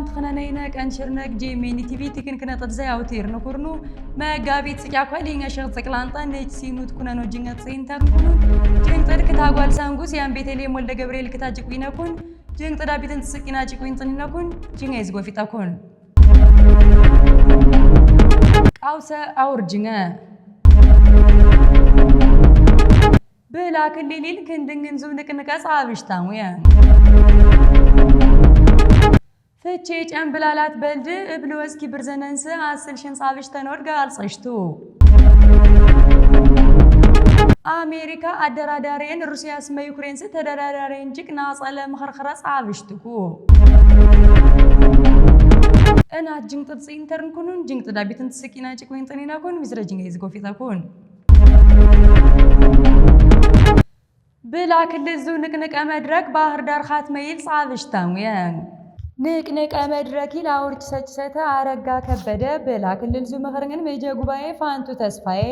ምትኸነነይነ ቀንሽርነግ ጄሜኒ ቲቪ ቲክን ክነጥት ዘያውቴርኒ ኩርኑ መጋቢት ጽቅያ ኳሊኛ ሸቅ ጽቅላንጣን ነች ሲኑት ኩነኖ ጅንገት ጽይንተር ኩኑ ጅንጥድ ክታጓል ሳንጉስ ያን ቤተልሔም ወልደ ገብርኤል ክታ ጅቁይነኩን ጅንጥዳ ቢትን ትስቂና ጅቁይን ጽንነኩን ጅንጋ ይዝጎፊጠኩን ቃውሰ አውርጅነ ብላ ክልሊል ክንድንግን ዙብ ንቅንቀ ጻብሽታሙየ ፍቼ ጨንብላላት በልድ እብል ወስኪ ብርዘነንስ አስል ሽንሳብሽ ተኖድጋ አልፀሽቱ አሜሪካ አደራዳሬን ሩሲያስ መዩክሬንስ ተደራዳሬን ጅቅ ናፀለ መኸርኸረ ፀብሽትኩ እናት ጅንቅ ጥብፂ እንተርንኩኑን ጅንቅ ጥዳቢትን ትስቂና ጭቅ ወይን ጥኒናኩን ሚስረ ጅንጋ ይዝጎፊታኩን ብላ ክልል ንቅንቀ መድረክ ባህር ዳር ኻት መይል ፀብሽታሙየን ንቅንቀ መድረኪ ለአውርጭ ሰጭሰተ አረጋ ከበደ በላ ክልል ዙመኸርግን መጀ ጉባኤ ፋንቱ ተስፋዬ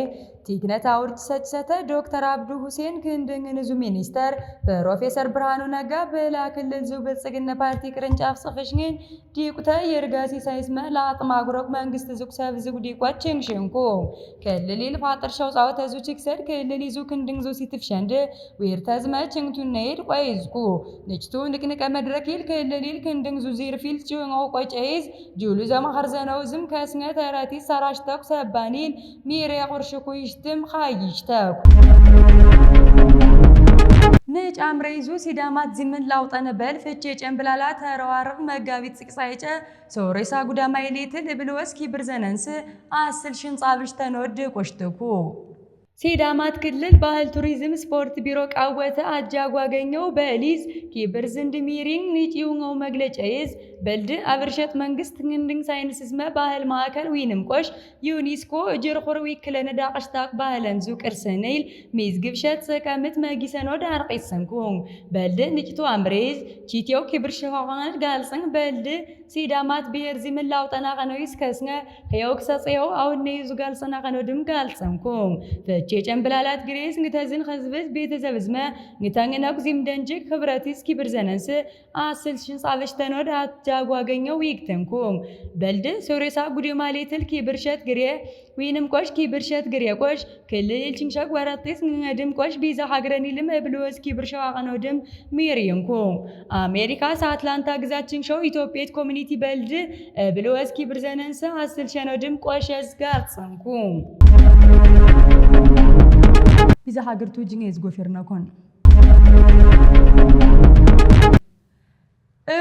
ቲግነት አውርጭ ሰጭሰተ ዶክተር አብዱ ሁሴን ክንድንግንዙ ሚኒስተር ፕሮፌሰር ብርሃኑ ነጋ በላ ክልል ዙ ብልጽግና ፓርቲ ቅርንጫፍ ጽፍሽግን ዲቁተ የርጋሲ ሳይስመ ለአጥማጉረቅ መንግስት ዙቅ ሰብዝጉ ዲቋት ችንግሽንኩ ክልል ልፋጥር ሸውፃው ተዙ ችክሰድ ክልል ይዙ ክንድንግዙ ሲትፍሸንድ ዊር ተዝመ ችንግቱነይድ ቆይዝኩ ንጭቱ ንቅንቀ መድረኪል ክልል ክንድንግዙ ዙዚር ፊልችሆ ቆጨይዝ ጁሉ ዘመኸርዘነው ዝም ከስነ ተረቲ ሰራሽተኩ ሰባኒል ሚሬ ቁርሽኩይሽትም ኻይሽተኩ ንጫምረይዙ ሲዳማት ዚምን ላውጠነ በል ፍቼ ጨምብላላ ተረዋርብ መጋቢት ጽቅሳይጨ ሰውሬሳ ጉዳማይሌትል እብል ወስኪ ብርዘነንስ አስል ሽንጻብሽ ተንወድ ቆሽትኩ ሲዳማት ክልል ባህል ቱሪዝም ስፖርት ቢሮ ቃወተ አጃጓ ገኘው በሊዝ ኪብር ዝንድ ሚሪን ኒጪውንው መግለጫ ይዝ በልድ አብርሸት መንግስት ንድን ሳይንስስመ ባህል ማዕከል ዊንም ቆሽ ዩኒስኮ እጅር ኩርዊ ክለነ ዳቅሽታቅ ባህለን ዙ ቅርስንይል ሚዝ ግብሸት ሰቀምት መጊሰኖ ዳርቂት ዳርቂሰንኩን በልድ ንጭቱ አምሬዝ ቺቴው ኪብር ሽኸዋነት ጋልፅን በልድ ሲዳማት ብሔር ዚምላው ጠናቀነዊ ስከስነ ሕየው ክሰጽየው አውነዩ ዙ ጋልፀናቀኖ ድም ጋልፀንኩም እቼ ጨንብላላት ግሬስ ንግተዝን ከዝብት ቤተዘብዝመ ንግታንገና ቁዚም ደንጅግ ህብረትስ ኪብር ዘነንስ አስል ሽንጻለሽ ተኖድ አጃጓገኘው ይግተንኩም በልድ ሶሬሳ ጉዲማሌ ትል ኪብርሸት ግሬ ዊንም ቆሽ ኪብርሸት ግሬ ቆሽ ክልል ችንሸግ ወረጢስ ንድም ቆሽ ቢዛ ሀገረን ይልም እብሎስ ኪብርሸው አቀነው ድም ሚሪንኩም አሜሪካስ አትላንታ ግዛት ሸው ኢትዮጵያ ኮሚኒቲ በልድ ብሎስ ኪብር ዘነንስ አስል ሸኖድም ቆሸዝ ጋር you. ቢዛ ሀገርቱ ጅንዝ ጎፌር ነኮን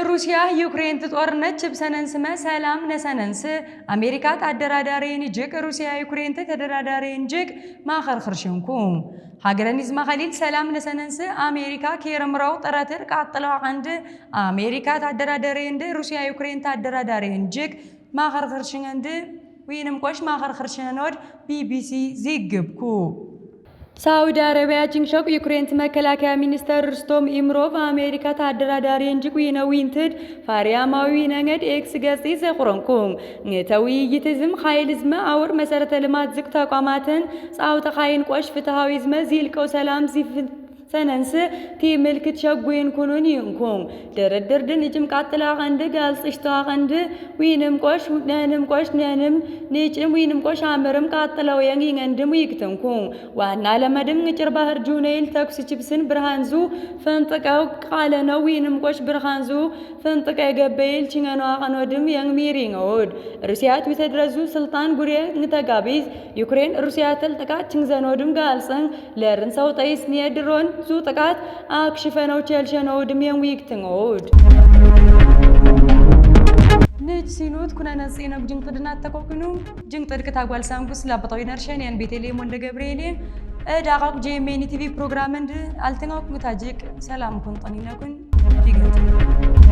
ሩሲያ ዩክሬን ትጦርነት ችብሰነንስመ ሰላም ነሰነንስ አሜሪካት አደራዳሬን ጅቅ ሩሲያ ዩክሬን ተደራዳሬን ጅቅ ማኸርኽርሽንኩ ሀገረን ይዝማ ሰላም ነሰነንስ አሜሪካ ኬርምረው ጥረትር ቃጥለው አንድ አሜሪካት አደራዳሬንድ ሩሲያ ዩክሬን ታደራዳሬን ጅቅ ማኸርኽርሽንንድ ወይንም ቆሽ ማኸርኸር ሸኖድ ቢቢሲ ዜግብኩ ሳዑዲ አረቢያ ችንሸቅ ዩክሬን መከላከያ ሚኒስተር ርስቶም ኢምሮቭ አሜሪካ ተአደራዳሪ እንጅቅ ዊነዊንትድ ፋርያማዊ ነንገድ ኤክስ ገጽ ዘቁረንኩም ተውይይት ዝም ኃይል ዝመ አውር መሰረተ ልማት ዝቅ ተቋማትን ጻውተ ኻይን ቆሽ ፍትሃዊ ዝመ ዚልቀው ሰላም ሰነንስ ቲ ምልክት ሸጉይን ኩኑን ይንኩም ድን እጭም ቃጥላ ቀንድ ጋልጽሽታ ቀንድ ዊንም ቆሽ ነንም ቆሽ ነንም ንጭም ዊንም ቆሽ አምርም ቃጥለው የንግ ይንንድም ይክትንኩም ዋና ለመድም ንጭር ባህር ጁነይል ተኩስ ችብስን ብርሃንዙ ፈንጥቀው ቃለ ነው ዊንም ቆሽ ብርሃንዙ ፈንጥቀ የገበይል ችነኗ ኸኖድም የንግ ሚሪ ነውድ ሩሲያት ዊተድረዙ ስልጣን ጉሬ ንተጋቢዝ ዩክሬን ሩሲያትል ጥቃት ችንዘኖድም ጋልጽን ለርን ሰው ጠይስ ኒየድሮን ብዙ ጥቃት አክሽፈነው ቸልሸነው ድሜን ዊክ ንጅ ሲኖት ኩነነ ፂነግ ጅንቅ ድና ተቆቅኑ ጅንቅ ጥድቅ ታጓል ሳንጉስ ላበታዊ ነርሸን ያን ቤቴሌም ወንደ ገብርኤሌም እዳቃቁ ጄሜኒ ቲቪ ፕሮግራም እንድ አልትናኩ ታጅቅ ሰላም ኩን ጠኒነኩን ይገ